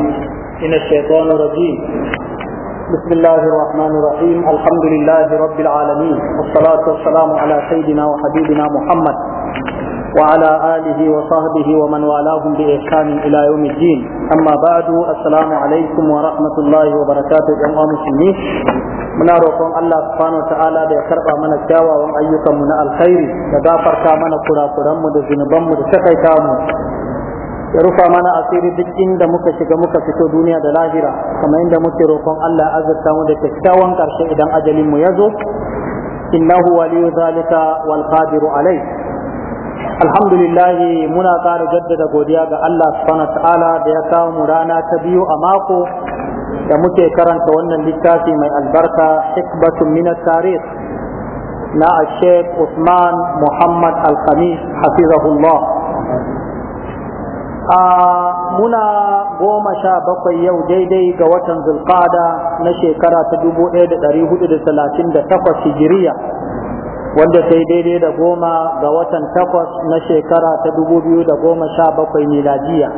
الرحيم من الشيطان الرجيم بسم الله الرحمن الرحيم الحمد لله رب العالمين والصلاة والسلام على سيدنا وحبيبنا محمد وعلى آله وصحبه ومن والاهم بإحسان إلى يوم الدين أما بعد السلام عليكم ورحمة الله وبركاته جمع مسلمين من roƙon الله سبحانه وتعالى بأسرق من karɓa mana kyawawan ayyukanmu na alkhairi da gafarta mana kurakuranmu da zunubanmu da ya rufa mana asiri duk inda muka shiga muka fito duniya da lahira kamar inda muke roƙon Allah azurta mu da kyakkyawan ƙarshe idan ajalin mu ya zo innahu waliyu zalika wal qadiru alai alhamdulillah muna ƙara jaddada godiya ga Allah subhanahu ta'ala da ya kawo mu rana ta biyu a mako da muke karanta wannan littafi mai albarka hikbatun min tarikh na al-Sheikh Usman Muhammad Al-Khamis hafizahullah a muna goma sha bakwai yau daidai ga watan zulkada na shekara ta dubu ɗaya da ɗari hudu da talatin da takwas hijiriya wanda sai daidai da goma ga watan takwas na shekara ta dubu biyu da goma sha bakwai miladiya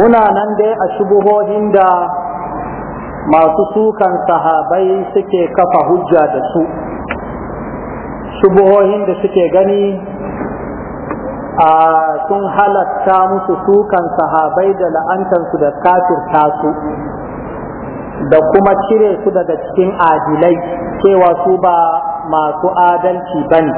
muna nan dai a shubuhohin da masu sukan sahabai suke kafa hujja da su shubuhohin da suke gani sun halatta musu sukan sahabai da la'antarsu da kafirta su da kuma cire su daga cikin adilai cewa su ba masu adalci ba ne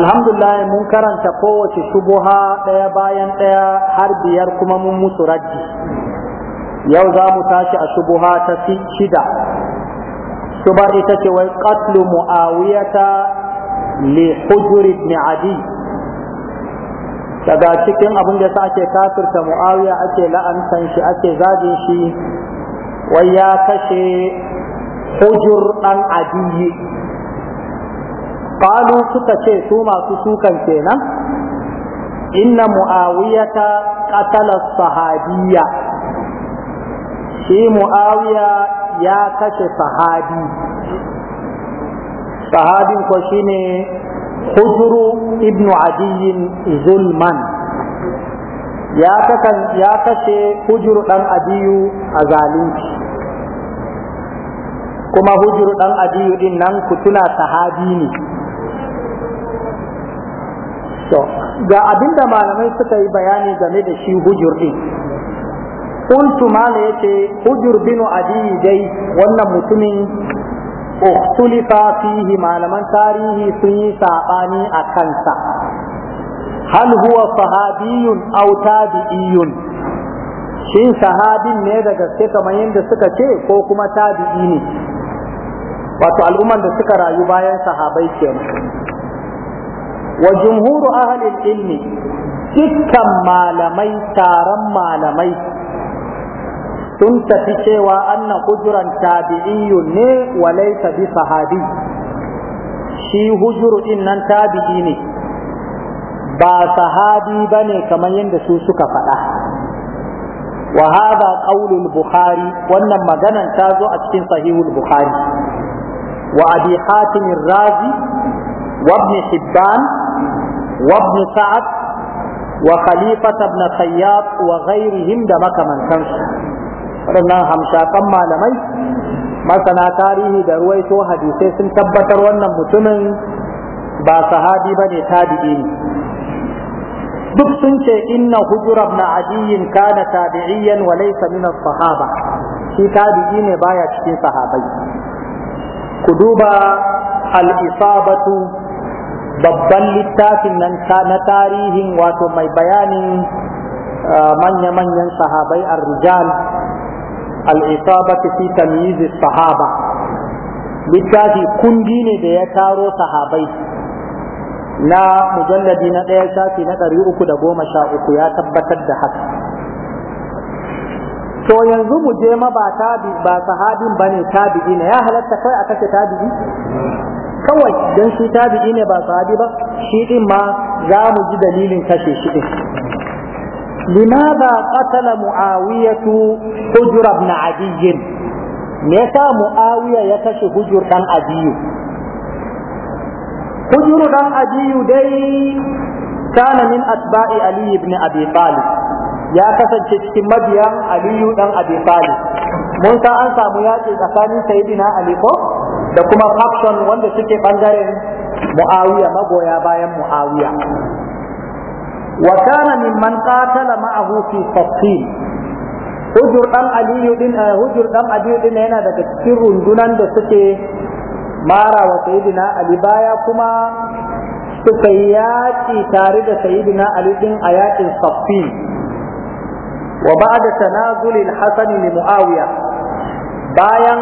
alhamdulillah mun karanta kowace shubuha ɗaya bayan ɗaya har biyar kuma mun musu raji yau za mu tashi a shubuha ta shida shubar ita ce wai qatlu mu'awiyata li hujr ibn adi daga cikin abin da yasa ake kafirta muawiya ake la'antan shi ake zagin shi wai ya kashe hujur dan adiyi qalu suka ce su masu sukan kenan inna mu'awiya ta qatala sahabiyya shi muawiya ya kashe sahabi sahabin ko shine Hujuru ibn adiyin zulman ya kashe hujuru dan adiyu a zalunci kuma hujuru dan adiyu din nan ku tuna sahabi ne to ga abinda malamai suka yi bayani game da shi hujur din kuntu mala ce hujur binu adiyu dai wannan mutumin ukhtulifa fihi malaman tarihi sun yi saɓani a kansa hal huwa sahabiyun aw tabi'iyun shin sahabin ne da gaske kamar yadda suka ce ko kuma tabi'i ne wato al'umman da suka rayu bayan sahabai kenan wa jumhuru ahli ilmi dukkan malamai taron malamai sun tafi cewa annan hujuran tabi'iyyun ne wa bi sahabi shi hujuru din nan tabi'i ne ba sahabi bane kamar yadda su suka faɗa wa hadha qaulul bukhari wannan maganan ta zo a cikin sahihul bukhari wa abi hatim razi wa ibn hibban sa'ad wa khalifat ibn khayyab wa ghairihim da makamantansu waɗannan hamshakan malamai masana tarihi da ko hadisai sun tabbatar wannan mutumin ba sahabi ba ne tabi'i ne duk sun ce inna hujura na adiyin kana tabi'iyyan wa laysa min sahaba shi tabi'i ne baya cikin sahabai ku duba al-isabatu babban littafin nan na tarihin wato mai bayanin ah, manya-manyan sahabai ar-rijal al’isaba ta fi tamizi sahaba littafi kundi ne da ya taro sahabai na mujalladi na ɗaya shafi na ɗari uku da goma sha uku ya tabbatar da haka to yanzu mu je ma ba tabi ba sahabin bane tabi'i ne ya halatta kai a kashe tabi'i kawai dan shi tabi'i ne ba sahabi ba shi din ma za mu ji dalilin kashe shi din لماذا قتل معاوية حجر بن عدي متى معاوية يكشف ya بن hujur ɗan بن عدي دي كان dai أتباع علي Aliyu أبي Abifali, ya kasance cikin mabiyan Aliyu dan Abi Talib mun san an samu yaƙi tsakanin saidina Aliko? da kuma faction wanda suke bangaren Muawiya magoya bayan Muawiya wa kana mimman qatala ma'ahu fi tafsil hujur dan aliyu din eh, hujur yana daga cikin rundunar da suke marawa wa sayyidina ali baya kuma suka yaƙi tare da sayyidina ali din a yaƙin tafsil bayan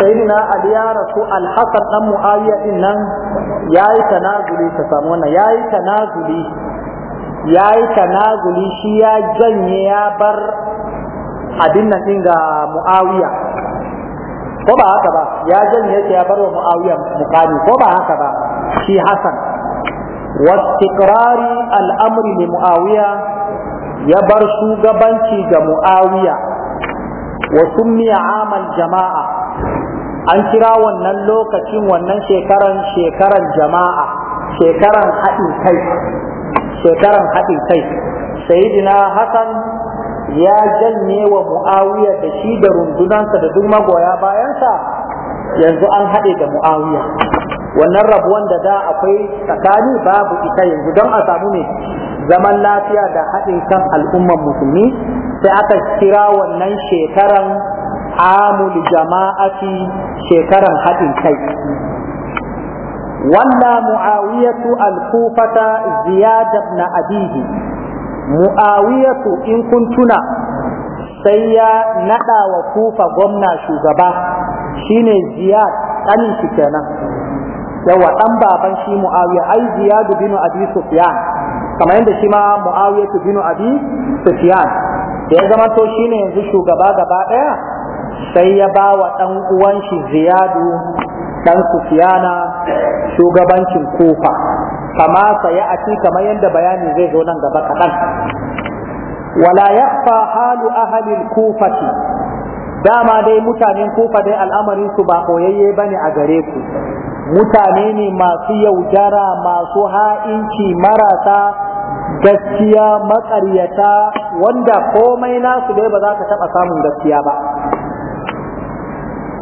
sayyidina ali ya rasu alhassan dan muawiya din nan yayi tanazuli ta samu wannan yayi tanazuli ya yi tanazuli shi ya janye ya bar abin nan ɗin ga mu'awiya ko ba haka ba ya janye shi ya bar wa mu'awiya mukami ko ba haka ba shi hasan wastiqrari al'amri ne mu'awiya ya bar shugabanci ga mu'awiya wa miya amal jama'a an kira wannan lokacin wannan shekaran shekaran jama'a shekaran haɗin kai shekaran haɗin kai sayidina Hassan ya janye wa mu'awiya da shi da rundunansa da duk magoya bayansa yanzu an haɗe da mu'awiya wannan rabuwan da da akwai tsakani babu ita yanzu don a samu ne zaman lafiya da haɗin kan al'umman musulmi sai aka kira wannan shekaran amul jama'ati shekaran haɗin kai walla mu'awiyatu al-kufata ziyad ibn mu'awiyatu in kun tuna sai ya nada wa kufa gwamna shugaba shine ziyad kanin shi kenan yawa dan baban shi mu'awiya ai bin abi sufyan kamar yadda shi ma mu'awiyatu bin abi sufyan da ya zama to shine yanzu shugaba gaba ɗaya sai ya ba wa dan uwan shi ziyadu dan sufiyana shugabancin kufa kama saya a ci kamar yadda bayani zai zo nan gaba kaɗan wala yakhfa halu ahli kufati dama dai mutanen kufa dai al'amarin su ba koyayye bane a gare ku mutane ne masu yaudara masu ha'inci marasa gaskiya maƙaryata wanda komai nasu dai ba za ka taɓa samun gaskiya ba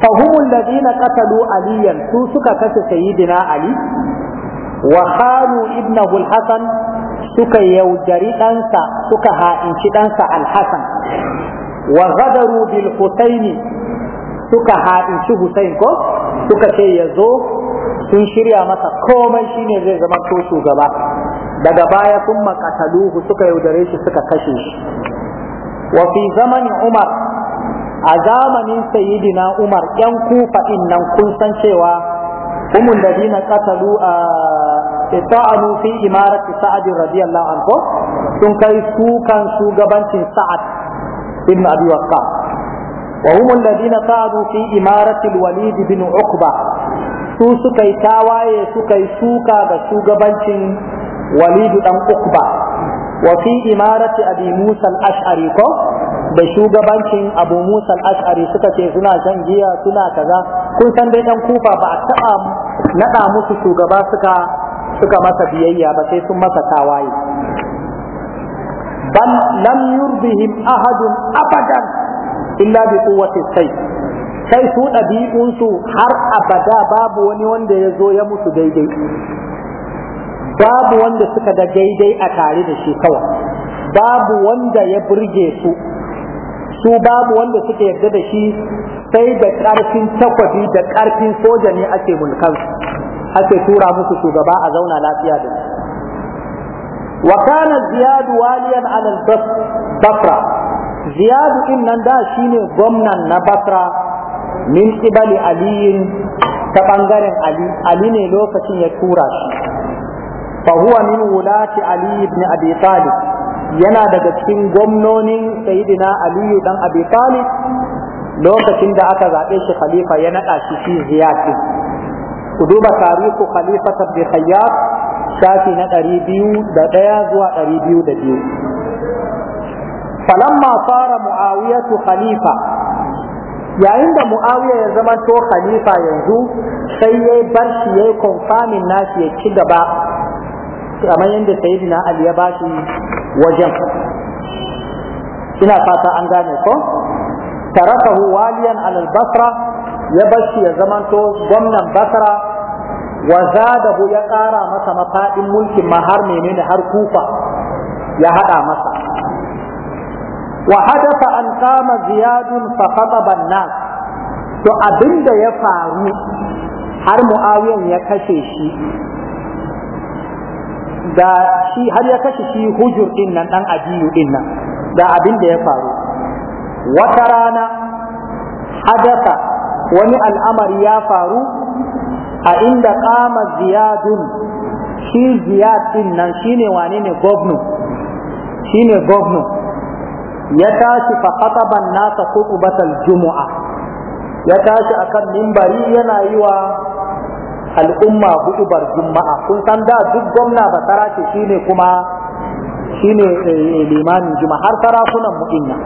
fa humul ladina qatalu aliyan su suka kashe sayyidina ali wa khanu ibnahu al-hasan suka yaudari suka ha'inci ɗansa al-hasan wa ghadaru husaini suka ha'inci husain ko suka ce ya zo sun shirya masa komai shine zai zama to shugaba daga baya kun makataluhu suka yaudare shi suka kashe Wafi wa zamani umar a zamanin sayyidina umar yan kufa din nan kun san cewa umun da dina katalu a ta'anu fi imarati sa'ad radiyallahu anhu sun kai sukan shugabancin sa'ad ibn abi waqqas wa da Dina sa'adu fi imarati al-walid bin uqba su suka yi tawaye suka yi suka ga shugabancin walidu dan uqba wa fi imarati abi musa al-ash'ari ko da shugabancin abu musa al'ashari suka ce suna shan giya suna kaza kun san dai dan kufa ba a taɓa naɗa musu shugaba suka suka masa biyayya ba sai sun masa tawaye bal lam yurdihim ahadun abadan illa bi quwwati sai sai su ɗabi'unsu har abada babu wani wanda ya zo ya musu daidai babu wanda suka ga daidai a tare da shi kawai babu wanda ya burge su su babu wanda suka yarda da shi sai da ƙarfin takwabi da ƙarfin soja ne ake mulkan ake tura musu shugaba a zauna lafiya da su wa kana ziyadu waliyan ala basra ziyadu din nan da shine gwamnan na basra min qibali aliyin ta bangaren ali ali ne lokacin ya tura shi fa huwa min wulati ali ibn abi talib yana daga cikin gwamnonin sayidina aliyu dan abi talib lokacin da aka zaɓe shi khalifa ya naɗa shi fi ziyati ku duba tarihu khalifa tabi khayyar shafi na ɗari biyu da ɗaya zuwa ɗari biyu da biyu falamma fara mu'awiyatu khalifa yayin da mu'awiya ya zama to khalifa yanzu sai shi ya yi konfamin nashi ya ci gaba kamar yadda sayyidina ali ya bashi wajen ina fata an gane ko tarakahu waliyan alal basra ya bashi ya zamanto gwamnan basra wa zadahu ya ƙara masa mafaɗin mulkin ma har menene har kufa ya haɗa masa wa hadatha an kama ziyadun fa khataba nas to abinda ya faru har muawiyan ya kashe shi da shi har ya kashe shi hujur din nan dan ajiyu din nan da abin da ya faru wata rana hadasa wani al'amari ya faru a inda kama ziyadun shi ziyad din nan shine wane ne gwamnu shine gwamnu ya tashi fa khataban nasa kutubatal jumu'a ya tashi akan mimbari yana yiwa. al'umma hudubar juma'a kun san da duk gwamna ba sarace shine kuma shine eh, limamin juma'a har sarakunan mu inna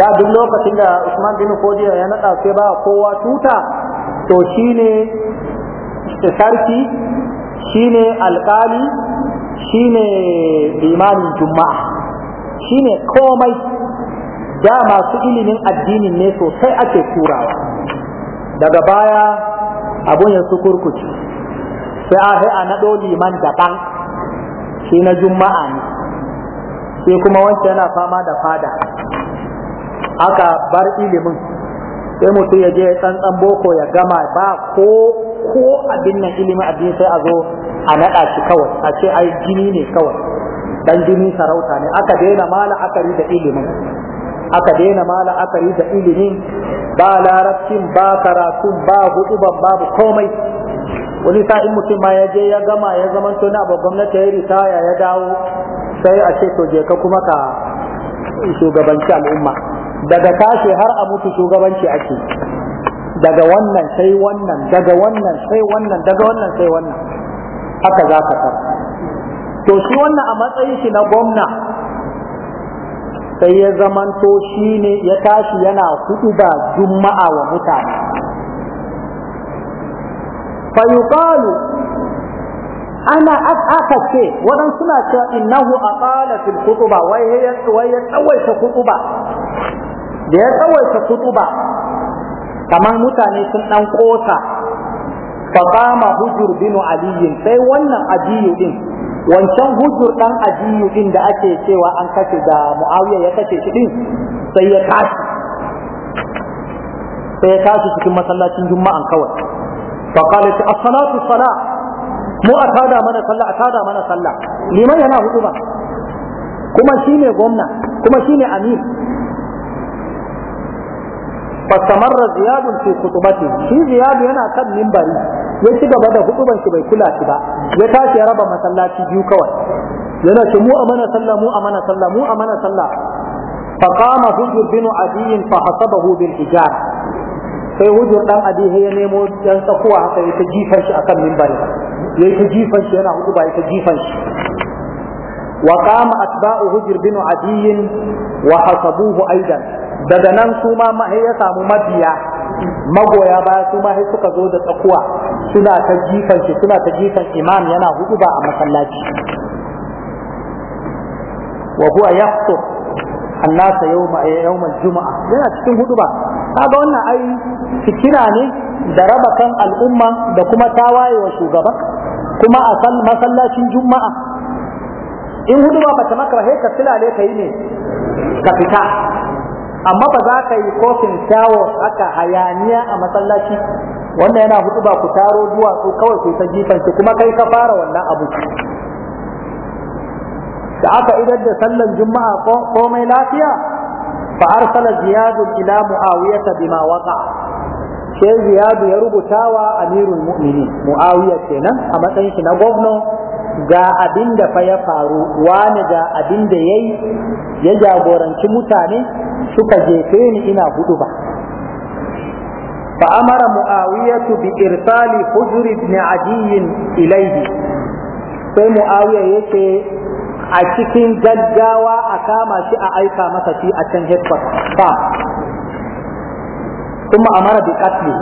da duk lokacin da Usman bin Kodiya ya nada sai ba kowa tuta to shine sarki shine alkali shine limamin juma'a shine komai da masu ilimin addinin ne sosai ake turawa daga baya abun ya kurkuci sai a a naɗo liman daban shi na juma'a ne sai kuma wancan yana fama da fada aka bar ilimin sai mutum ya je tsantsan boko ya gama ba ko ko abin nan ilimin addini sai a zo a naɗa shi kawai a ce ai jini ne kawai dan jini sarauta ne aka daina mala akari da ilimin aka daina mala akari da ilimin ba larabcin ba karatun ba hudu ban babu komai wani sa'in mutum ma ya je ya gama ya zama to na gwamnati ya ritaya ya dawo sai a ce to je ka kuma ka shugabanci al'umma daga tashi har a mutu shugabanci ake daga wannan sai wannan daga wannan sai wannan daga wannan sai wannan haka za ka tar to shi wannan a matsayin shi na gwamna sai ya zamanto shi ne ya tashi yana hudu da juma'a wa mutane fayuqalu ana aka ce waɗansu suna cewa innahu aqala fil khutuba wai ya wai ya tsawaita khutuba da ya tsawaita khutuba kamar mutane sun dan kosa fa qama hujur bin ali sai wannan ajiyu din wancan hujjur dan ajiyu din da ake cewa an kashe da muawiya ya kashe shi din sai ya tashi sai ya tashi cikin masallacin juma'an kawai fa qala ta as-salatu salat mu atada mana sallah atada mana sallah liman yana hudu ba kuma shine gwamna kuma shine amin. fastamarra ziyadun fi khutubati shi ziyadu yana kan mimbari ya ci gaba da hutuban shi bai kula shi ba ya tashi ya raba masallaci biyu kawai yana ce mu amana sallah mu amana sallah mu amana sallah hujur فقام هجر fa عدي فحسبه بالحجاب sai hujur dan adi ya nemo dan tsakuwa haka ya ta jifan shi akan mimbari ya ta jifan shi yana hudu ba ya ta jifan shi wa qama atba'u hujr bin adi wa hasabuhu aidan daga nan su ma ya samu mabiya magoya baya su ma mahai suka zo da tsakuwa suna ta jikan shi suna ta jikan imam yana hudu ba a masallaci wa huwa yaqtu annasa yawma yawm al yana cikin hudu ba kaga wannan ai fikira ne da raba kan al'umma da kuma tawaye wa shugaban kuma a san masallacin juma'a in hudu ba ta maka ka silale ka yi ne ka fita amma ba za ka yi kofin kyawo haka hayaniya a masallaci wanda yana hudu ba ku taro duwatsu kawai ku ta jifan shi kuma kai ka fara wannan abu da aka idar da sallan juma'a komai lafiya fa arsala ziyadu ila muawiyata bima waqa sai ziyadu ya rubuta wa amirul mu'minin muawiya kenan a matsayin shi na gwamnati ga abin da fa ya faru wani ga abin da ya ya jagoranci mutane suka jefe ni ina hudu ba mu'awiyatu bi irsali حجر ne عدي ilayhi sai mu'awiya yake a cikin gaggawa a kama shi a aika masa shi a can headquarter ba kuma amara bi katli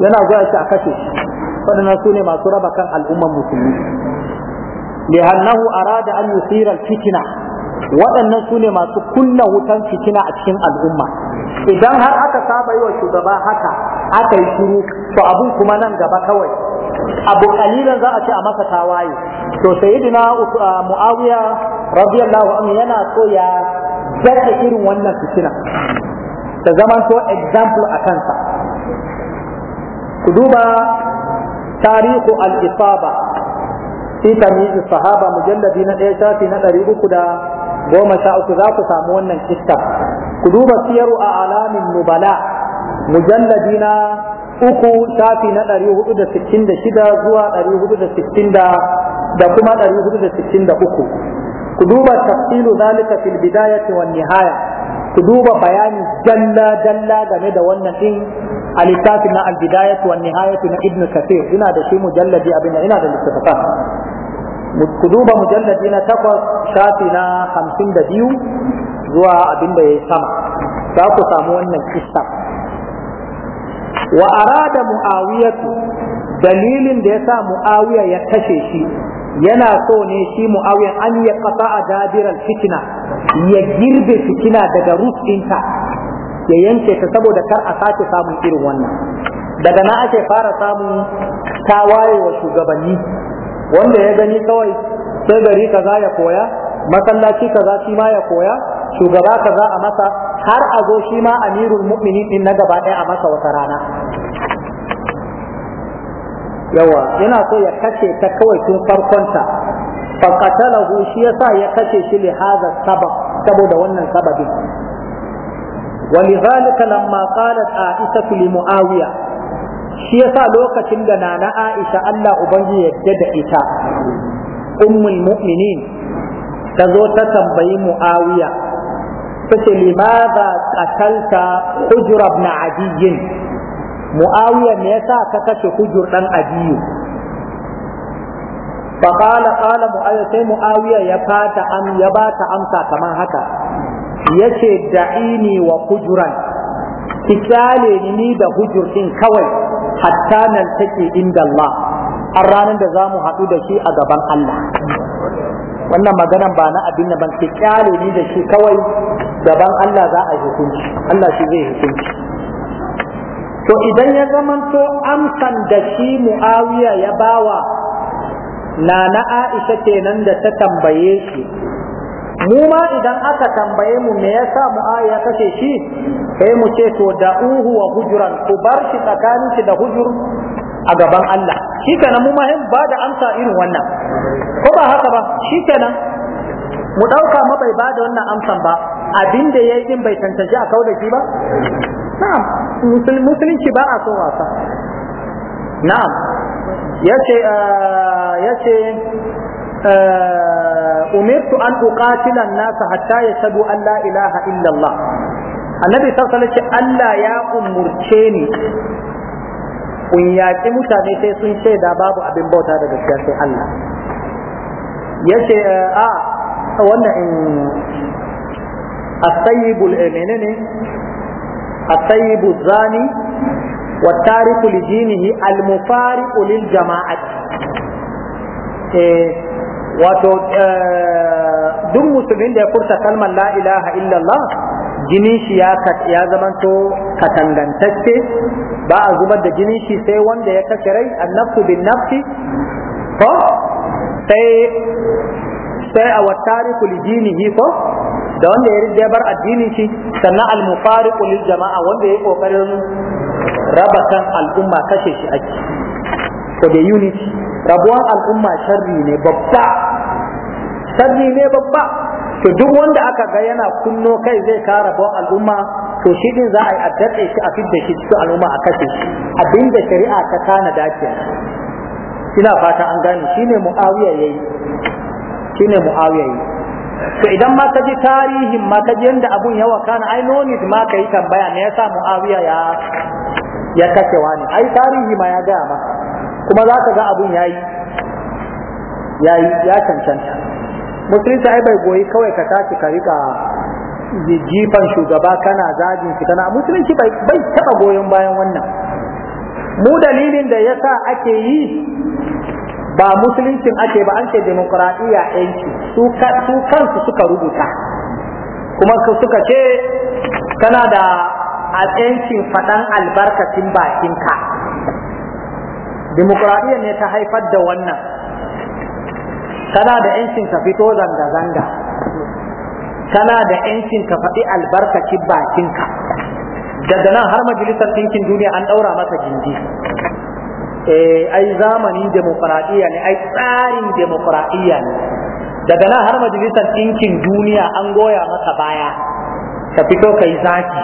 yana zuwa shi a kashe shi waɗannan su ne masu raba kan al'umman musulmi lihannahu arada an yusira fitina waɗannan su ne masu kunna wutan fitina a cikin al'umma idan har aka saba yi wa shugaba haka aka yi shiru to abun kuma nan gaba kawai abu kalilan za a ce a masa tawaye to sayyidina muawiya radiyallahu anhu yana so ya dace irin wannan fitina da zaman to example a kansa ku duba تاريخ الإصابة في تمييز الصحابة مجلد ندى شافي ندى كدا goma sha uku za ku samu wannan iska ku duba siyaru a alamin nubala mujalladi na uku shafi na ɗari hudu da sittin da shida zuwa ɗari hudu da sittin da da kuma ɗari hudu da sittin da uku ku duba tafsilu zalika fil bidayati wan nihaya ku duba bayani dalla dalla game da wannan din a littafin na albidayatu wa nihayatu na ibnu kafir ina da shi mujalladi abin ina da littafin ku duba mujalladi na takwas shafi na hamsin da biyu zuwa abin da ya sama za ku samu wannan kista wa arada mu'awiyatu dalilin da ya sa mu'awiya ya kashe shi yana so ne shi mu'awiya an yi kasa a dabiran fitina ya girbe fitina daga rufinta ya yanke ta saboda kar a sake samun irin wannan daga na ake fara samun tawaye wa shugabanni wanda ya gani kawai sai gari kaza ya koya masallaci kaza shi ma ya koya shugaba kaza a masa har a zo shi ma amirul mu'minin din na gaba ɗaya a masa wata rana yawa yana so ya kashe ta kawai tun farkonta faƙatalahu shi yasa ya kashe shi li haza sabab saboda wannan sababin walidhalika lamma qalat aisha li muawiya shi sa lokacin da nana aisha Allah ubangi yadda da ita ummul mu'minin ta zo ta tambayi muawiya tace limadha qatalta hujra ibn adiyyin muawiya me yasa ka kashe hujur dan adiyu fa qala qala mu'awiya sai mu'awiya ya fata am bata amsa kamar haka yace da'ini wa hujran tikale ni da hujur din kawai hatta nan take inda Allah har ranar da zamu haɗu da shi a gaban Allah wannan maganan ba na abin ban kyale ni da shi kawai gaban Allah za a hukunci Allah shi zai hukunci to idan ya zamanto amsan da shi Muawiya ya bawa na na Aisha kenan da ta tambaye shi mu ma idan aka tambaye mu me yasa mu ya kashe shi sai mu ce to da uhu wa hujran ku bar shi tsakanin shi da hujur a gaban Allah shi kana mu ma ba da amsa irin wannan ko ba haka ba shi kana mu dauka ma bai ba da wannan amsan ba abin da yayi din bai tantance a kauda shi ba na'am musulunci ba a so wasa na'am yace ah, yace ah, umirtu an uqatila an-nas hatta yashhadu an la ilaha illa Allah annabi sallallahu alaihi wasallam Allah ya umurce ni kun yaƙi mutane sai sun ce da babu abin bauta da gaskiya sai Allah yace a ah, wannan in as-sayyibul eh, menene as-sayyibuz zani wa tariku li dinihi al mufariqu wato duk musulmin da ya furta kalmar la ilaha illallah jinin ya ya zamanto ba a zubar da jinin shi sai wanda ya kashe rai annafsu bin nafsi sai a wattariku li dinihi ko da wanda ya bar addinin sannan al mufariqu jama'a wanda ya kokarin raba kan al'umma kashe shi ake So da unity rabuwan al'umma sharri ne babba sharri ne babba to duk wanda aka ga yana kunno kai zai ka rabuwar al'umma to shi din za a yi addaɗe shi a fidda shi cikin al'umma a kashe shi abinda shari'a ta kana dace ina fata an gane shine muawiya yayi shine muawiya yayi to idan ma kaji tarihin ma kaji yanda abun ya kana ai no need ma kai tambaya me yasa muawiya ya ya kashe wani ai tarihi ma ya gaya ma kuma za ka ga abun yayi yayi ya cancanta musulunci ai bai goyi kawai ka tashi ka rika jifan shugaba kana zagin tana musulunci bai taba goyon bayan wannan mu dalilin da yasa ake yi ba musuluncin ake ba an ce demokuraɗiyya yanki su kansu suka rubuta kuma suka ce kana da a yancin faɗan albarkacin bakinka dimokuraɗiyya ne ta haifar da wannan kana da yancin ka fito zanga-zanga kana da yancin ka faɗi albarkacin bakinka daga nan har majalisar ɗinkin duniya an ɗaura masa gindi eh, ai zamanin demokuraɗiyya ne ai tsarin demokuraɗiyya ne daga nan har majalisar ɗinkin duniya an goya masa baya ka fito ka yi zaki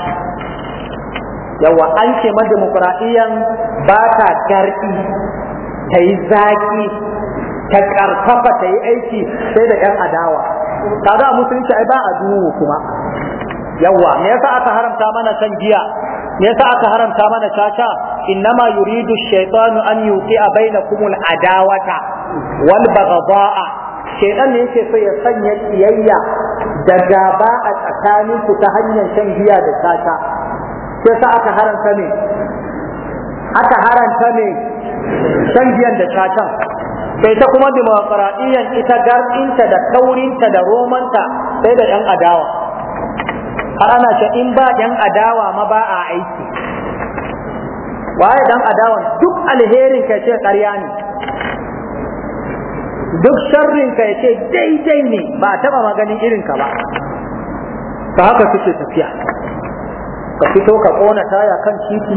yawa an ce ma demokuraɗiyyan ba ta garɗi ta yi zaƙi ta ƙarfafa ta yi aiki sai da 'yan adawa kaga a musulunci ai ba a duhu kuma yawa me yasa aka haramta mana shan giya me yasa aka haramta mana caca innama yuridu shaytanu an yuqi'a bainakumul adawata wal baghdha'a shekan ne yake so ya sanya kiyayya da gaba a tsakaninku ta hanyar shan giya da caca. sai sa aka haranta ne aka haranta ne da cacan sai ta kuma dimokuraɗiyyar ita garɗinta da kaurinta da romanta sai da ‘yan adawa har ana ce in ba ‘yan adawa ma ba a aiki waye ɗan adawa duk alherin ka ce ƙarya ne duk sharrin ka ce daidai ne ba taɓa maganin irinka ba ta haka suke tafiya ka fito ka kona taya kan titi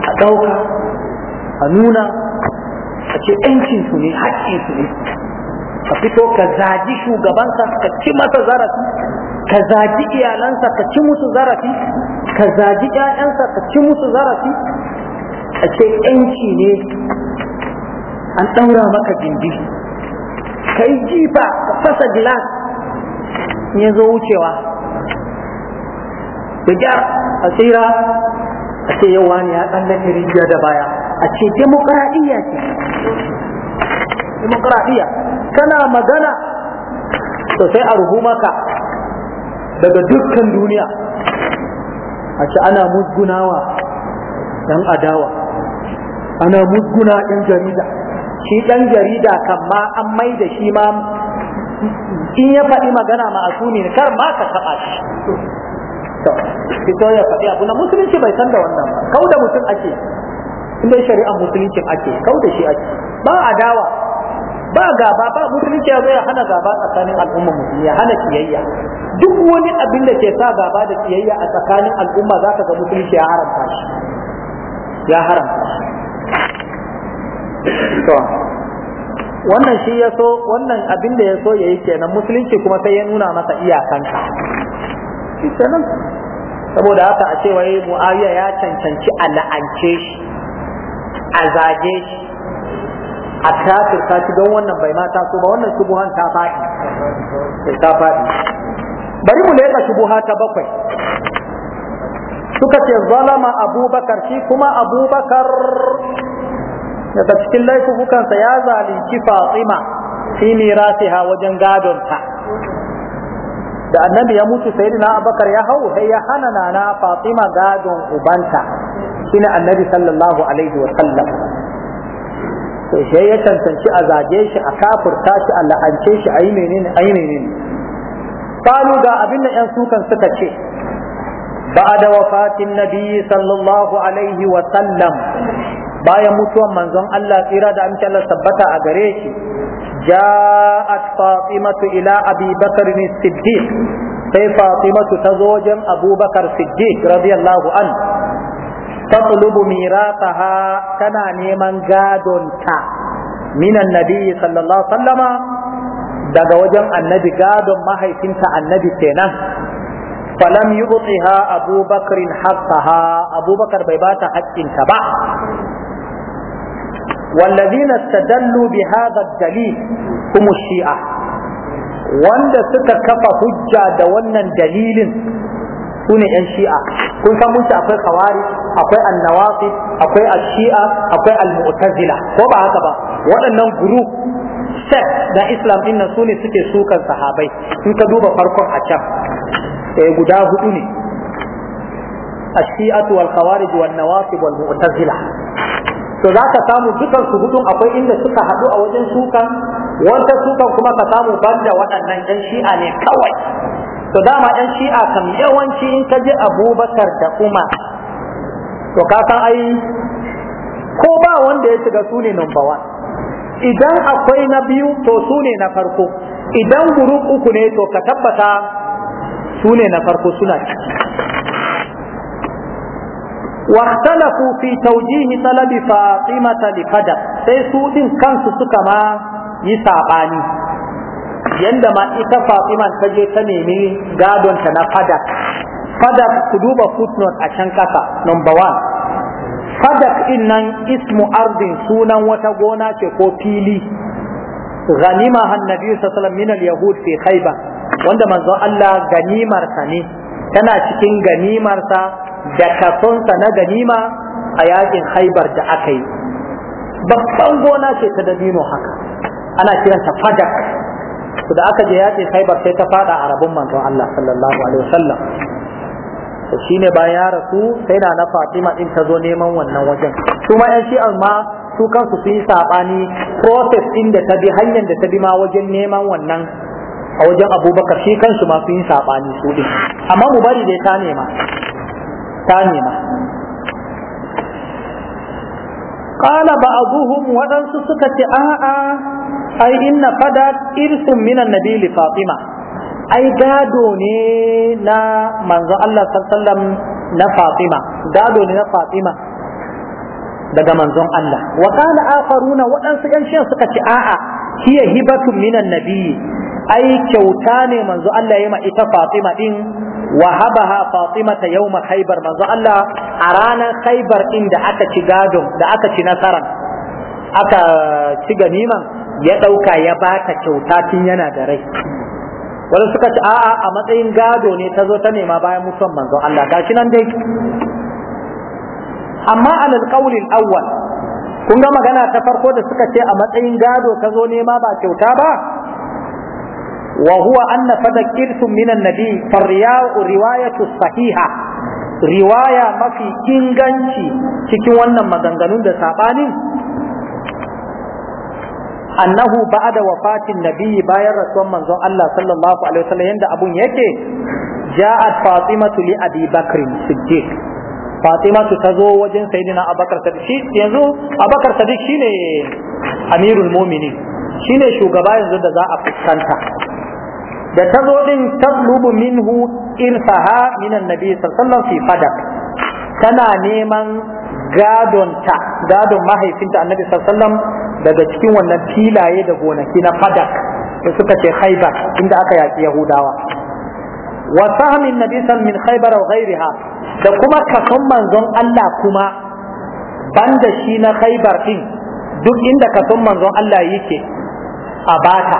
a ɗauka a nuna a ce ‘yancin su ne haƙƙin su ne ka fito ka zaji shugabansa ka ci masa zarafi ka zaji iyalansa ka ci musu zarafi ka zaji ‘ya'yansa ka ci musu zarafi a ce ƴanci ne an ɗaura maka gindi ka yi jifa ka fasa gilas ya zo wucewa da gyara a tsira a ce yau wani ya tsallake rijiya da baya a ce demokradiyya ce demokradiyya kana magana to sai a rubu maka daga dukkan duniya a ce ana musgunawa dan adawa ana musguna ɗan jarida shi ɗan jarida kan ma an mai da shi ma in ya faɗi magana ma ma'asumi ne kar ma ka taɓa shi fito ya faɗi abu na musulunci bai san da wannan ba kau da mutum ake inda shari'ar musulunci ake kau da shi ake ba adawa ba gaba ba musulunci ya zai hana gaba tsakanin al'umma musulmi ya hana kiyayya duk wani abin da ke sa gaba da kiyayya a tsakanin al'umma zaka ga musulunci ya haramta shi ya haramta shi to wannan shi ya so wannan abin da ya so ya yi kenan musulunci kuma sai ya nuna masa iyakanka shi sanan saboda haka a ce wai mu'awiya ya cancanci a la'ance shi a zage shi a kafirta shi don wannan bai mata so ba wannan shubuhan ta faɗi eh, ta faɗi bari mu leƙa shubuha ta bakwai suka ce zalama abubakar shi kuma abubakar daga cikin laifukansa ya zalunci fatima fi mirasiha wajen gadonta da annabi ya mutu sayyidina abakar ya hau sai ya hana nana fatima gadon ubanta shine annabi sallallahu alaihi wa sallam to sai ya cancanci a zage shi a kafurta shi a la'ance shi a yi menene a yi menene kalu ga abin da yan sukan suka ce بعد وفاة النبي صلى الله عليه وسلم bayan mutuwan manzon Allah tsira da amince Allah tabbata a gare shi ja'at fatimatu ila abi bakr sai fatimatu ta zo wajen abubakar siddiq radiyallahu an tatlubu mirataha tana neman gadonta minan nabi sallallahu alaihi daga wajen annabi gadon mahaifinta annabi kenan falam yubtiha abubakar haqqaha abubakar bai bata haƙƙinta ba wallazina tadallu bi hadha dalil hum shi'a wanda suka kafa hujja da wannan dalilin sune yan shi'a kun san mun akwai kawari akwai annawafi akwai Shi'a, akwai almu'tazila ko ba haka ba waɗannan guruf, set na islam din nan sune suke sukan sahabai in ka duba farkon a can E, guda hudu ne الشيعة والخوارج والنواصب والمعتزلة to za ka samu dukan su hudun akwai inda suka haɗu a wajen sukan wata sukan kuma ka samu banda waɗannan ɗan shi'a ne kawai to dama ɗan shi'a kam yawanci in ka ji abubakar da umar to ka san ai ko ba wanda ya shiga su ne number one idan akwai na biyu to su na farko idan guruf uku ne to ka tabbata su na farko suna ciki واختلفوا في توجيه طلب فاطمة لفدر sai su din kansu suka ma yi saɓani yadda ma ita fatiman ta je ta nemi gadonta na fadak fadak ku duba footnote a can kasa number one fadak in nan ismu ardin sunan wata gona ce ko fili ganima annabi sallallahu alaihi yahud fi khayba wanda manzo Allah ganimar ne tana cikin ganimar sa da kasonsa na ganima a yakin haibar da aka yi babban gona ce ta dabino haka ana kiranta fadak da aka je yakin haibar sai ta fada a rabin manzon Allah sallallahu alaihi wasallam to shine bayan ya rasu sai na na Fatima din ta zo neman wannan wajen su ma yan shi'ar ma su kansu su yi sabani process din da ta bi hanyar da ta bi ma wajen neman wannan a wajen Abubakar shi kansu ma su yi sabani su din amma mu bari dai ta nema samina qala ba'dhum waɗansu suka ce a'a ai inna fadat irsun minan nabi fatima ai gado ne na manzo Allah sallallahu na fatima gado na daga manzon Allah wa qala akharuna waɗansu ƴan suka ce a'a hiya hibatun minan nabi ai kyauta ne manzo Allah ya ma ita fatima din wahabaha fatimata yawma khaybar manzo Allah a ranar khaybar din da aka ci gadon da aka ci nasaran aka ci ya ya kyauta tun yana da rai wani suka ce a'a a matsayin gado ne ta zo ta nema bayan mutuwan manzon Allah gashi nan dai amma alal qawlil awwal kun ga magana ta farko da suka ce a matsayin gado ka zo nema ba kyauta ba وهو أن فد إرث من النبي فالرواية الصحيحة رواية ما في إنغانشي cikin wannan maganganun da saɓanin annahu ba'da wafatin nabiyyi bayan rasuwan manzon Allah sallallahu alaihi wasallam yanda abun yake ja'at fatimatu li abi bakr siddiq fatimatu tazo wajen sayyidina abakar siddiq yanzu abakar siddiq shine amirul mu'minin shine shugaba yanzu da za a fuskanta da ta zo din tablubu minhu irfaha minan nabi sallallahu fi fadak tana neman gadonta gadon mahaifinta annabi sallallahu daga cikin wannan filaye da gonaki na fadak da suka ce khaibar inda aka yaki yahudawa wa sahmin nabi sallallahu min khaibar wa ghairiha da kuma kason manzon Allah kuma banda shi na khaibar din duk inda kason manzon Allah yake a bata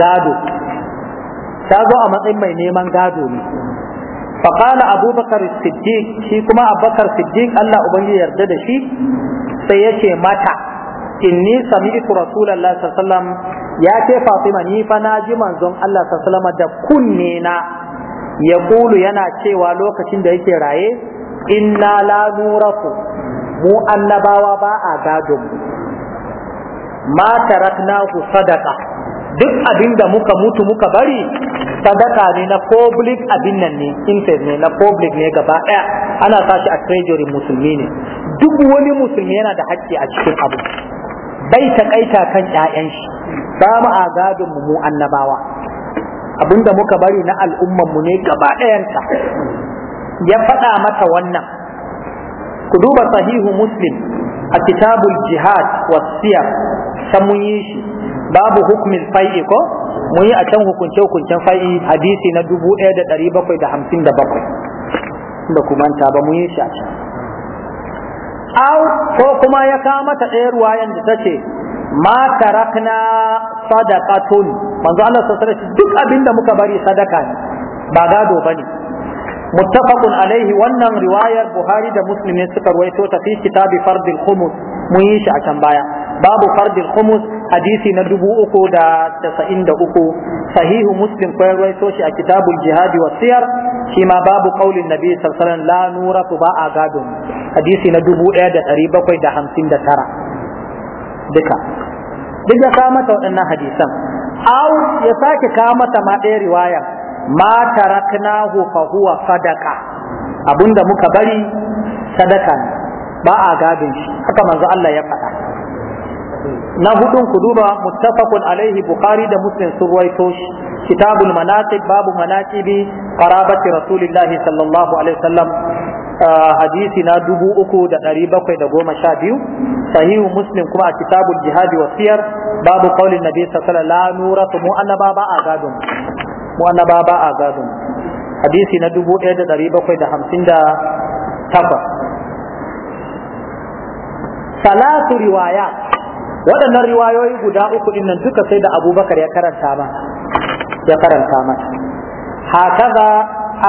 gado ta zo a matsayin mai neman gado ne faƙala abubakar siddiq shi kuma abubakar siddiq allah ubangiji yarda da shi sai ya mata inni ku Rasulallah sallallahu alaihi ya ce fatima ni fa na ji manzon allah sallallahu alaihi da kunne na ya kulu yana cewa lokacin da yake raye inna la nuraku mu annabawa ba a gado ma taraknahu sadaqa duk abin da muka mutu muka bari sadaka ne na public abin nan ne interest ne na public ne gaba ɗaya ana sashi a treasury musulmi ne duk wani musulmi yana da haƙƙi a cikin abu bai takaita kan ƴaƴan shi ba mu a mu annabawa abin da muka bari na al'umman mu ne gaba ɗayanta ya faɗa mata wannan ku duba sahihu muslim a kitabul jihad wasiyar ta mun yi shi babu hukumin fai'i ko mun yi a can hukunce hukuncen fai'i hadisi na ɗaya da kuma ta ba mun yi shi a can aw ko kuma ya kawo mata ɗaya ruwayan da tace ma tarakna sadaqatun manzo Allah sallallahu alaihi wasallam duk abinda muka bari sadaka ne ba gado bane muttafaqun alaihi wannan riwayar Buhari da Muslim ne suka ruwaito ta fi kitabi fardil khumus mun yi shi a can baya babu Fardin khumus hadisi na dubu uku da tasa'in da uku sahihu muslim ko rawaito shi a kitabul jihadi wa siyar shi ma babu qaulin nabi sallallahu la nura ba a gadon hadisi na dubu ɗaya da ɗari bakwai da hamsin da tara duka duk ya kawo mata waɗannan hadisan au ya sake kawo mata ma ɗaya riwaya ma taraknahu fa huwa sadaqa abinda muka bari sadaka ne ba a gadon shi haka manzo Allah ya faɗa na hudun ku duba muttafaqun alaihi bukhari da muslim sun ruwaito shi kitabul manaqib babu manaqibi qarabati rasulillahi sallallahu alaihi wasallam ah, hadisi na dubu uku da ɗari bakwai da goma sha biyu sahihu muslim kuma a kitabul jihadi wa siyar babu qaulin nabi sallallahu alaihi wasallam la nura mu annaba ba a gadon mu annaba ba a gadon hadisi na dubu ɗaya da ɗari bakwai da hamsin da takwas salatu riwayat waɗannan riwayoyi guda uku din nan duka sai da abubakar ya karanta ma ya karanta ma hakaza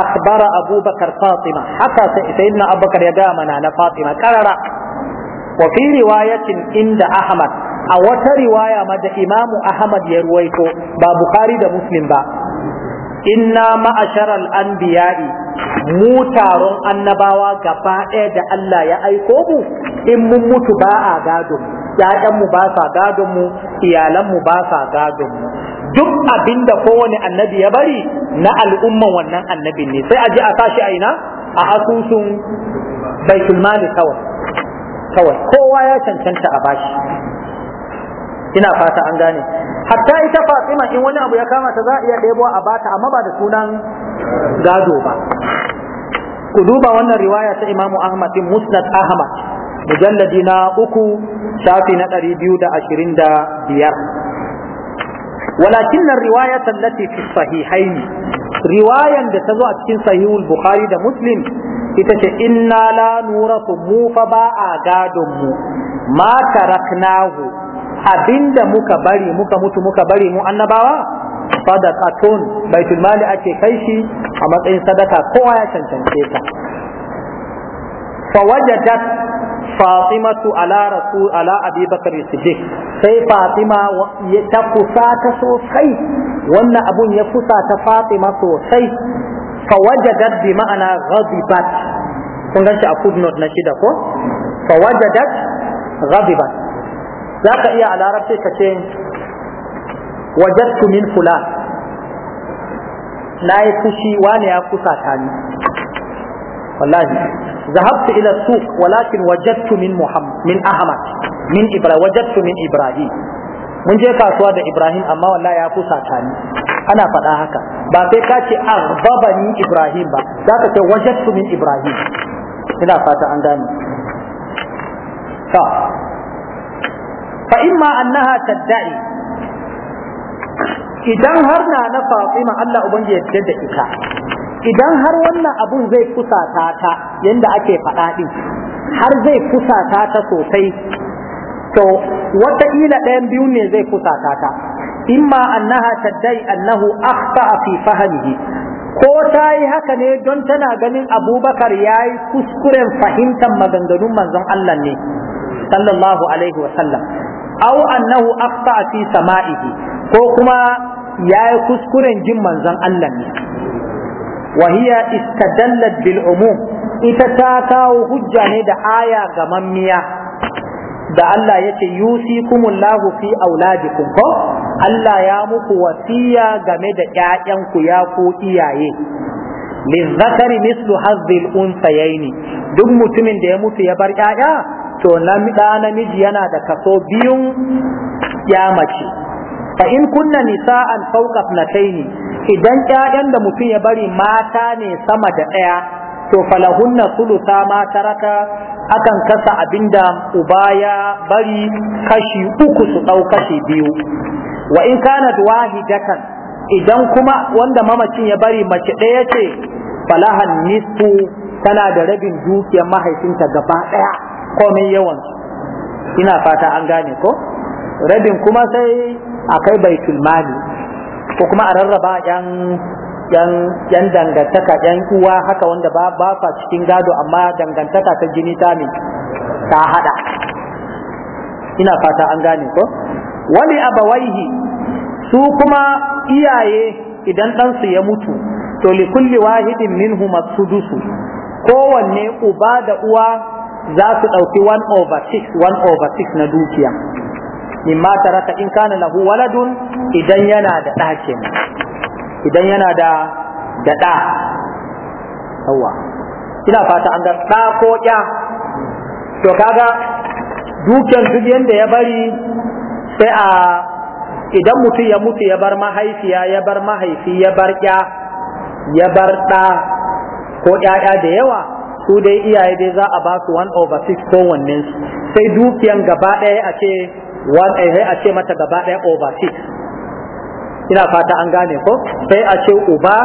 akhbara abubakar fatima haka sai na abubakar ya gama na fatima karara wa fi riwayatin inda ahmad a wata riwaya ma da imamu ahmad ya ruwaito ba bukhari da muslim ba inna ma'asharal anbiya'i mu taron annabawa gaba ɗaya da Allah ya aiko mu in mun mutu ba a gado ‘ya'yanmu ba sa gadonmu, iyalanmu ba sa gadonmu. Duk abin da kowane annabi ya bari na al'umman wannan annabin ne, sai a ji a tashi aina a asusun baitulmali kawai. Kawai, kowa ya cancanta a bashi. Ina fata an gane. Hatta ita Fatima in wani abu ya kama ta za a iya ɗebo a bata amma ba da sunan gado ba. Ku duba wannan riwaya ta Imamu Ahmad bin Musnad Ahmad. mujalladi na uku shafi na ɗari biyu da ashirin da biyar walakin nan riwaya tallati fi sahihaini riwayan da ta zo a cikin sahihul bukhari da muslim ita ce inna la nurasu mu fa ba a gadon mu ma taraknahu abinda muka bari muka mutu muka bari mu annabawa sadaqatun baitul mali ake kai shi a matsayin sadaka kowa ya cancance ta fa wajadat fatimatu ala rasu ala abi bakar siddiq sai fatima ta fusata sosai wannan abun ya fusata fatima sosai fawajadat bi ma'ana ghadibat kun ganci a footnote na shida ko fawajadat ghadibat zaka iya a larabci ka ce wajadtu min fulan na yi fushi wani ya fusata ni wallahi zahabtu ila suq walakin wajadtu min muhammad min ahmad min ibrahim wajadtu min ibrahim mun je kasuwa da ibrahim amma wallahi ya fusata ni ana faɗa haka ba sai ka ce arbabani ibrahim ba za ka ce wajadtu min ibrahim ina fata an gane fa imma annaha tadda'i idan har na na Fatima Allah ubangiji ya da ita idan har wannan abun zai kusata ta yadda ake faɗa ɗin har zai kusata ta sosai to wataƙila ɗayan biyu ne zai kusata ta imma annaha taddai annahu akhta fi fahmihi ko ta yi haka ne don tana ganin abubakar ya yi kuskuren fahimtar maganganun manzon Allah ne sallallahu alaihi wa sallam. au annahu akhta fi sama'ihi ko kuma ya yi kuskuren jin manzon Allah ne وهي استدلت بالعموم اتتاكا وهجة ندى آية غمامية da Allah ya ce yusi kumullahu fi auladikum ko Allah ya muku wasiya game da 'ya'yanku ya ku iyaye lin zakari mislu hazbil unsayaini duk mutumin da ya mutu ya bar 'ya'ya? to na namiji yana da kaso biyun ya mace fa in kunna nisa'an fawqa ibnataini idan ƴaƴan da mutum ya bari mata ne sama da ɗaya to falahunna sulusa ma taraka akan kasa abinda uba ya bari kashi uku su ɗau kashi biyu wa in kanat wahidatan idan kuma wanda mamacin ya bari mace ɗaya ce falahan nisfu tana da rabin dukiyar mahaifinta gaba ɗaya komai yawan ina fata an gane ko rabin kuma sai akai baitul mali ko kuma a rarraba yan yan dangantaka yan uwa haka wanda ba ba fa cikin gado amma dangantaka ta jini ta ne ta hada ina fata an gane ko wali abawaihi su kuma iyaye idan ɗansu ya mutu to li kulli wahidin minhum sudusu kowanne uba da uwa za su ɗauki 1 over 6 1 over 6 na dukiya ma taraka in kana lahu waladun idan yana da ɗa kenan idan yana da da ɗa yawa ina fata an ga ɗa ko ƴa to kaga dukiyar duk yanda ya bari sai a idan mutum ya mutu ya bar mahaifiya ya bar mahaifi ya bar ƴa ya bar ɗa ko ƴaƴa da yawa su dai iyaye dai za a ba su 1 over 6 ko wannan sai dukiyan gaba ɗaya a ce one eh, sai a ce mata gaba ɗaya overseas six ina fata an gane ko sai a ce uba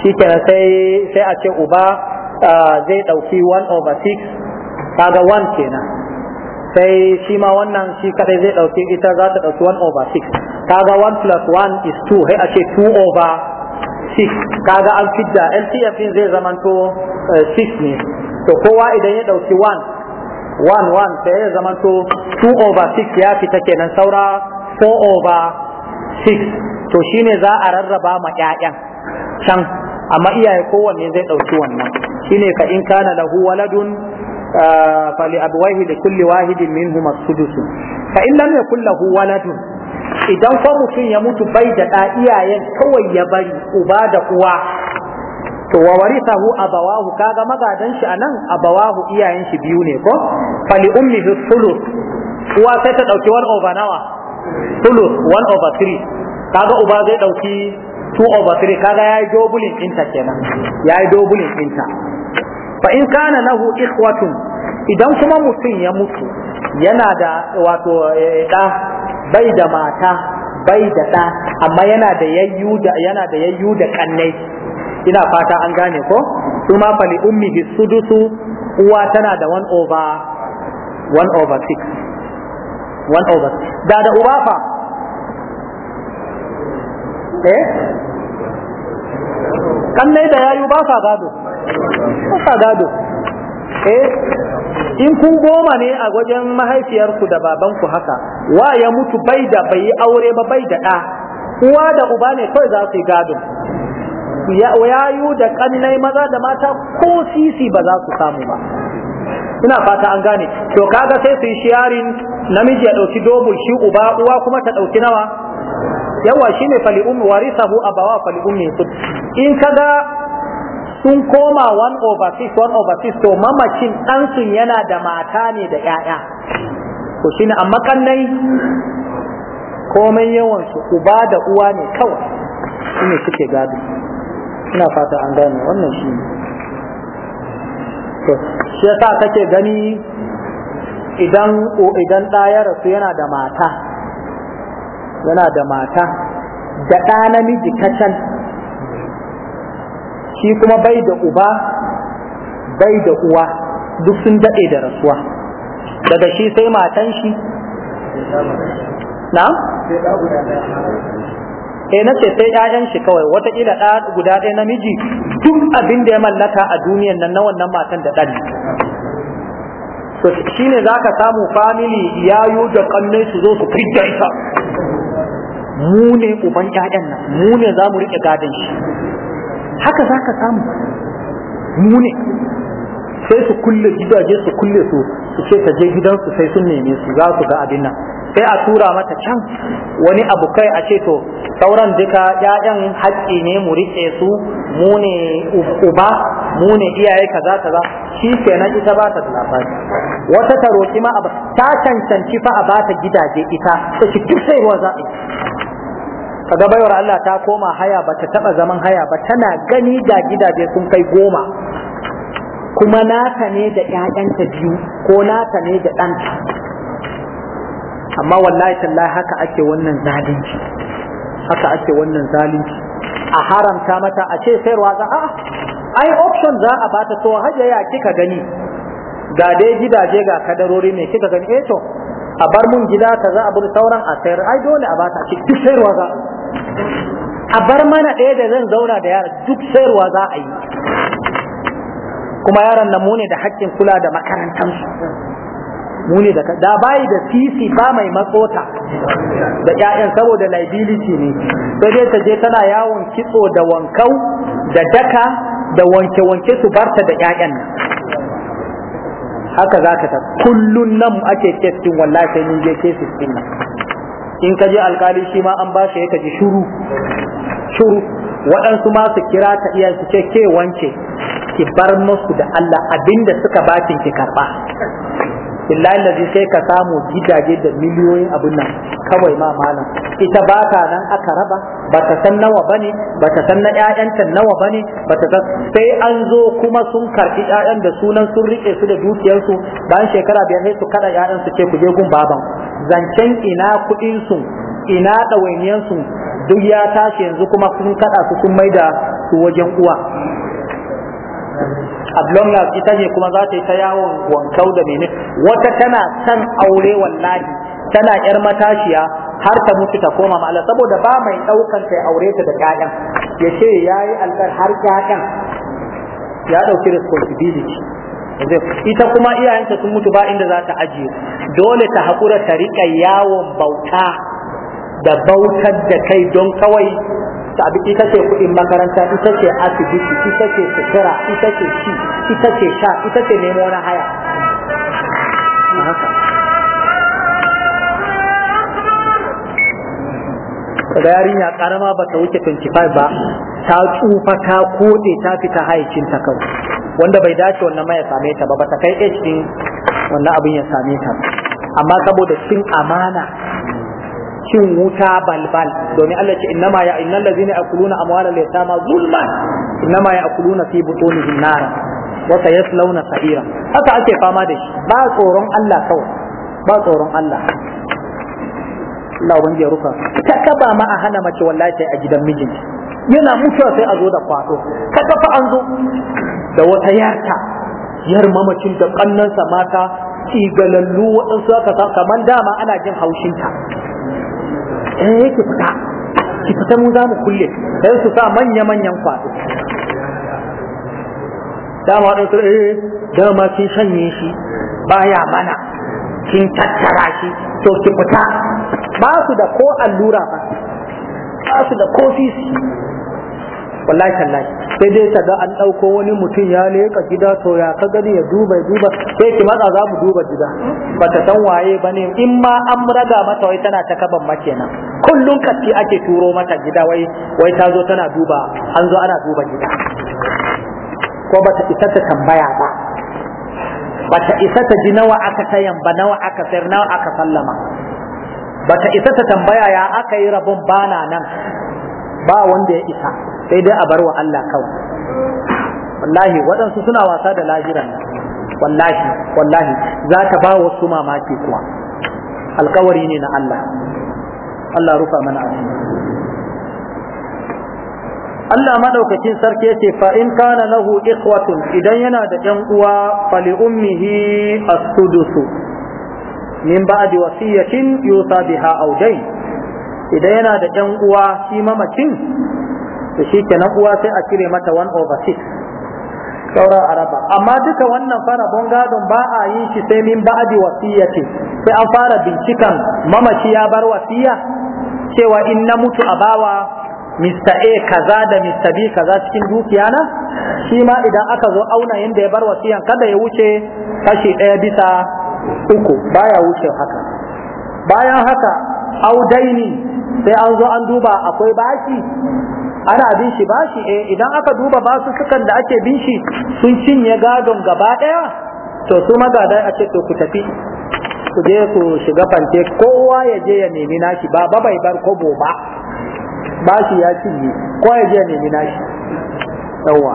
shikenan sai sai a ce uba ah, zai ɗauki one over six kaga one kenan sai shi ma wannan shi kadai zai ɗauki ita za ta ɗauki one over six kaga one plus one is two sai a ce two over six kaga an fidda LCF zai zamanto eh, six ne to kowa idan ya ɗauki one one one sai ya to two over six ya fita kenan saura four over six to shine za a rarraba ma ƴaƴan can amma iyaye kowanne zai ɗauki wannan shine ka in kana lahu waladun ah, fali abwaihi li kulli wahidin minhum as-sudus fa in lam yakul lahu waladun idan fa mutum ya mutu bai da ɗa iyayen kawai ya bari uba da uwa to wa warithahu abawahu kaga magadan shi anan abawahu iyayen shi biyu ne ko fali ummi fi thuluth uwa sai ta dauki one over nawa thuluth one over three kaga uba zai dauki two over three kaga yayi dobulin inta kenan yayi dobulin inta fa in kana lahu ikhwatun idan kuma mutum ya mutu yana da wato da eh, bai da mata bai da ɗa amma yana da yayyu da yana da yayyu da kannai ina fata an gane ko su ma fali bi sudusu uwa tana da 1 over 1 over 6 1 over da da uba fa eh kannai da yayu ba sa gado ba sa gado eh in kun goma ne a wajen mahaifiyarku da babanku haka wa ya mutu bai da bai aure ba bai da ɗa uwa da uba ne kawai za su yi gado su yayu da kannai maza da mata ko sisi ba za su samu ba ina fata an gane to kaga sai su yi shiyarin namiji ya dauki dobul shi uba uwa kuma ta dauki nawa yawa shine fali ummi warithahu abawa fali ummi in kaga sun koma one over six one over six to mamacin sun yana da mata ne da 'ya'ya. to shine amma kannai komai yawan su uba da uwa ne kawai shine suke gado ina fata an gane wannan shi to shi yasa kake gani idan idan ɗa ya rasu yana da mata yana da mata da ɗa namiji kacan shi kuma bai da uba bai da uwa duk sun daɗe da rasuwa daga shi sai matan shi na? eh ce sai ƴaƴan shi kawai wataƙila ɗa guda ɗaya namiji duk abin da ya mallaka a duniyan nan na wannan matan da ɗan so shine zaka samu family yayu da kannai su zo su fidda ita mu ne uban ƴaƴan nan mu ne za mu riƙe gadon shi haka ka samu mu ne sai su kulle gidaje su kulle su su ce ta je gidansu sai sun neme su za su ga abin nan sai a tura mata can wani abu kai a ce to sauran duka ƴaƴan haƙƙi ne mu riƙe su mu ne uba mu ne iyaye kaza kaza shi kenan ita ba ta tsafa wata ta roki ma ta cancanci fa a bata gidaje ita ta ci duk sai ruwa zaɓi kaga baiwar Allah ta koma haya ba ta taɓa zaman haya ba tana gani ga gidaje sun kai goma kuma naka ne da ƴaƴanta biyu ko naka ne da ɗanta amma wallahi tallahi haka ake wannan zalunci haka ake wannan zalunci a haramta mata a ce sayarwa za a ah, ai option za a bata to hajja ya kika gani ga dai gidaje ga kadarori ne kika gani eh to a bar mun gida ka za a bar sauran a sayar ai dole a bata ce duk sayarwa za a bar mana ɗaya da zan zauna da yara duk sayarwa za a yi kuma yaran nan mu ne da haƙƙin kula da makarantansu mu ne da da bayi da sisi ba mai matsota da ƴaƴan saboda liability ne sai dai ta je tana yawon kitso da wankau da daka da wanke-wanke su barta da ƴaƴan nan haka za ka ta kullun nan ake kestin wallahi sai ni je kesis din nan in ka je alkali shi ma an ba shi ka ji shuru shuru waɗansu ma su kira ta iya su ce ke wanke. ki bar musu da Allah abinda suka bakin ki karba illa allazi sai ka samu gidaje da miliyoyin abun nan kawai ma malam ita ba ta nan aka raba ba ta san nawa bane ba ta san na ƴaƴanta nawa bane ba ta san sai an zo kuma sun karbi ƴaƴan da sunan sun rike su da dukiyarsu bayan shekara biyar sai su kada ƴaƴan su ce ku je gun baban zancen ina kuɗin su ina ɗawainiyan su duk ya tashi yanzu kuma sun kada su sun maida su wajen uwa abdominal ita ne kuma za ta yi ta yawon wankau da mene wata tana san aure wallahi tana yar matashiya har ta mutu ta koma ma'ala? saboda ba mai daukan ta aure ta da ƴaƴan ya ce yayi alkar har ƴaƴan ya dauki responsibility ita kuma iyayenta sun mutu ba inda za ta ajiye dole ta haƙura ta riƙa yawon bauta da bautar da kai don kawai ta abin ita ce kudin makaranta ita ce asibiti ita ce sutura ita ce ci ita ce sha ita ce nemo na haya daga yarinya karama ba ta wuce 25 ba ta tsufa ta kode ta fita ta kawai wanda bai dace wannan ma ya same ta ba ba ta kai age din wannan abin ya same ta amma saboda cin amana cin wuta balbal domin Allah ce innama ya innal ladzina yakuluna amwalal yatama zulman innama yakuluna fi butunihim nar wa sayaslawna sa'ira haka ake fama da shi ba tsoron Allah kawai ba tsoron Allah Allah ubangiji ya rufa ta kaba ma a hana mace wallahi sai a gidan mijinta yana mutuwa sai a zo da kwato ka kafa an zo da wata yarta yar mamacin da kannansa mata cigalallu waɗansu aka kamar dama ana jin haushinta eh yake fita ki fita mu za mu kulle sai su sa manya manyan kwato dama waɗansu eh dama kin sanye shi baya mana kin tattara shi to ki fita ba su da ko allura ba ba su da ko sisi wallahi tallahi sai dai ga an dauko wani mutum ya leƙa gida to ya ka gani ya duba ya duba sai ki matsa za mu duba gida ba ta san waye ba ne in ma an raga mata wai tana ta kaban ma kenan kullun katti ake turo mata gida wai wai ta zo tana duba an zo ana duba gida ko ba ta isa ta tambaya ba ba ta isa ta ji nawa aka sayan ba nawa aka sayar nawa aka sallama ba ta isa ta tambaya ya aka yi rabon bana nan ba wanda ya isa sai dai a bar wa Allah kawai wallahi waɗansu suna wasa da lahiran wallahi wallahi za ta ba wa su mamaki kuwa alkawari ne na Allah Allah rufa mana asiri Allah madaukakin sarki yace fa in kana lahu ikwatun idan yana da ɗan uwa fali ummihi as-sudusu min ba'di wasiyatin yusa biha aw dayn idan yana da ɗan uwa shi mamacin to shi kenan uwa sai a cire mata 1 over 6 saura araba amma duka wannan fara gadon ba a yi shi sai min ba'adi wasiya ce sai an fara bincikan mamaci ya bar wasiya cewa in na mutu a bawa Mr. A kaza da Mr. B kaza cikin dukiya na shi ma idan aka zo auna yadda ya bar wasiyan kada ya wuce kashi ɗaya bisa uku baya wuce haka bayan haka audaini sai an zo an duba akwai baki ana bin shi bashi eh idan aka duba basu sukan da ake bin shi sun cinye gadon gaba daya to su magada a ce to ku tafi ku je ku shiga fante kowa ya je ya nemi nashi ba ba bai bar kobo ba bashi ya cinye kowa ya je ya nemi nashi yawa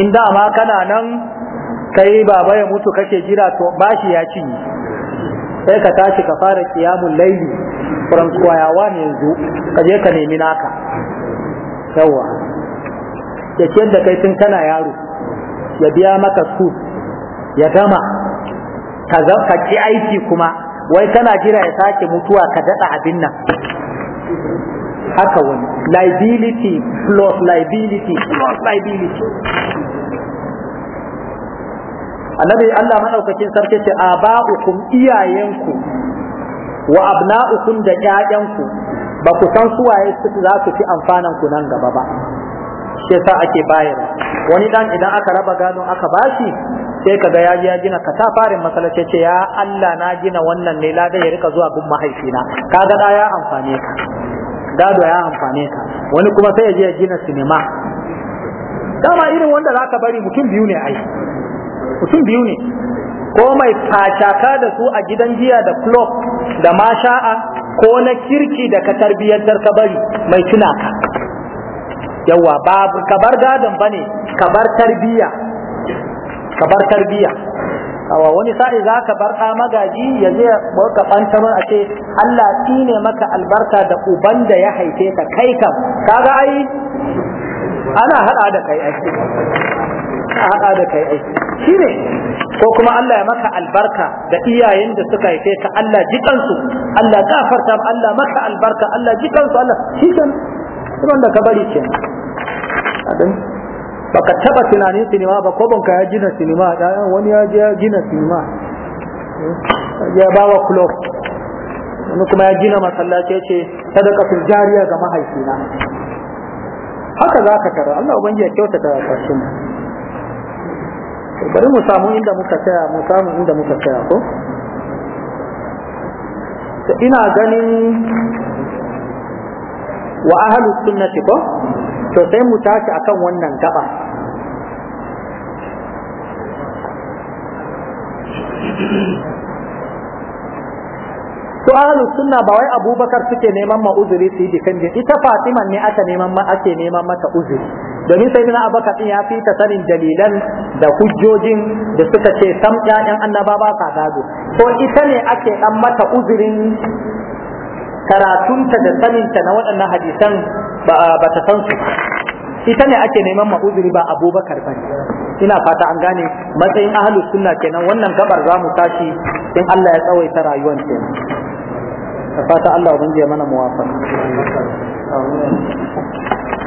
in da ma kana nan kai baba ya mutu kake jira to bashi ya cinye sai ka tashi ka fara kiyamul laili from kwaya wani yanzu ka je ka nemi naka yawa ya ce da kai tun kana yaro ya biya maka su ya gama ka ki aiki kuma wai kana jira ya sake mutuwa ka daɗa abin nan haka wani liability plus liability plus liability annabi Allah madaukakin sarki ce aba'ukum iyayenku wa abna'ukum da ƴaƴanku ba ku san suwaye za su fi amfanan ku nan gaba ba shi yasa ake bayar wani dan idan aka raba gano aka bashi sai kaga ya ji ya gina katafarin masalace ce ya Allah na gina wannan ne lada ya rika zuwa gun mahaifina kaga da ya amfane ka gado ya amfane ka wani kuma sai ya je ya gina sinima dama irin wanda zaka bari mutum biyu ne ai mutum biyu ne ko mai facaka da su a gidan jiya da club da masha'a ko na kirki da ka tarbiyyantar ka bari mai tuna ka yawa babu kabar gadon bane kabar tarbiyya kabar tarbiyya awa wani sa'i za ka bar ɗa magaji ya je ka ɓanta a ce Allah tsine maka albarka da uban da ya haife ka kai kam kaga ai ana haɗa da kai ai ka haɗa da kai aiki shi ne ko kuma Allah ya maka albarka da iyayen da suka haife ka Allah jikansu Allah gafarta Allah maka albarka Allah jikansu Allah shi kan da ka bari adan baka taba tunanin sinima ba ko banka ya gina sinima da wani ya je ya gina sinima ya ba wa kulo wani kuma ya gina masallaci ce sadaka fil jariya ga mahaifina haka za ka tara Allah ubangiji ya kyautata karshen mu bari mu samu inda muka tsaya mu samu inda muka tsaya ko ina ganin wa ahlus sunnati ko to sai mu tashi akan wannan gaba to ahlus sunna ba wai abubakar suke neman ma uzuri su yi dikanje ita fatiman ne aka neman ma ake neman mata uzuri domin sai na abaka din ya fi ta sanin dalilan da hujjojin da suka ce sam ƴaƴan annaba ba sa gado ko ita ne ake dan mata uzurin karatunta da saninta na waɗannan hadisan ba ta san su ita ne ake neman uzuri ba abubakar ba ina fata an gane matsayin ahalus sunna kenan wannan gabar za mu tashi in Allah ya tsawaita rayuwar kenan da fata Allah ubangiji ya mana muwafaqa